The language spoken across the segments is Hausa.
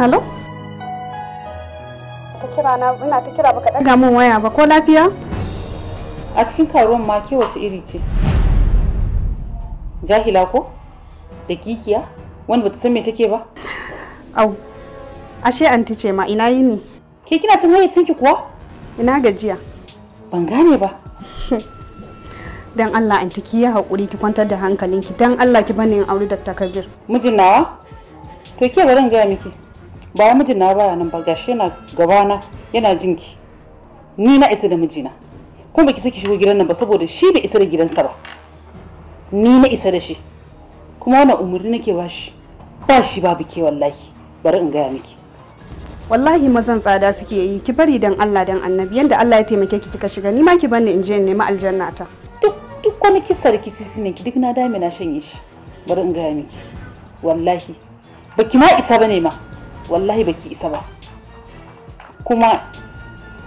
Halo? Ta kira na ina ta kira baka daga min waya ba ko lafiya? A cikin karuwan ma ke wace iri ce? Jahila ko? Da kikiya? Wanda bata san me take ba? Au. Ashe anti ce ma ina yini? Ke kina cin hayyacinki kuwa? Ina gajiya. Ban gane ba. dan Allah anti ki ya hakuri ki kwantar da hankalinki dan Allah ki bani in aure da Kabir. Mijin nawa? To ke bari in gaya miki. ba mijina baya nan ba gashi yana gabana yana jinki ni na isa da mijina kuma baki saki shigo gidan nan ba saboda shi bai isa da gidansa ba ni na isa da shi kuma wannan umarni nake ba shi ba shi babu ke wallahi bari in gaya miki wallahi mazan tsada suke yi ki bari dan Allah dan annabi yanda Allah ya taimake ki kika shiga ni ma ki bani in je in nemi aljanna ta duk duk wani kisar sisi ne ki duk na dame na shanye shi bari in gaya miki wallahi baki ma isa bane ma wallahi baki isa ba kuma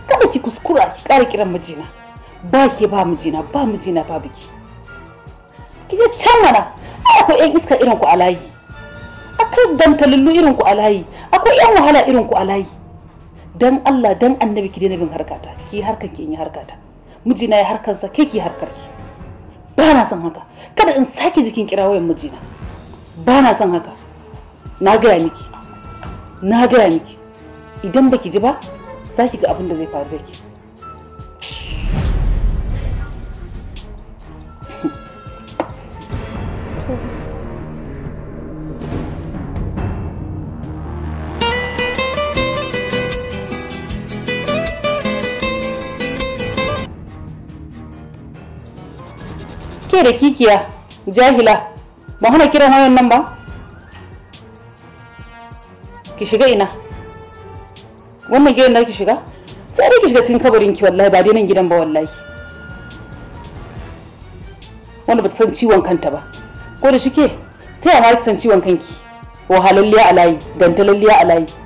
kada ki kuskura ki ƙara kiran mijina ba ke ba mijina ba mijina ba biki ki je can mana akwai yan iska irin ku a layi akwai dantalillu irin ku a layi akwai yan wahala irin ku a dan Allah dan annabi ki daina bin harkata ki harkar ki in yi harkata mijina ya harkarsa ke ki harkar ki ba na son haka kada in sake jikin kira wayan mijina ba na son haka na gaya miki na gaya miki idan baki ji ba za ki ga abin da zai faru da ki ke da kikiya jahila ba hana kiran wayan nan ba ki shiga ina wannan gidan na ki shiga sai dai ki shiga cikin kabarin ki wallahi ba dai nan gidan ba wallahi wanda ba ta san ciwon kanta ba ko da shike ta yaya ma ki san ciwon kanki wahalalliya a layi dantalalliya a layi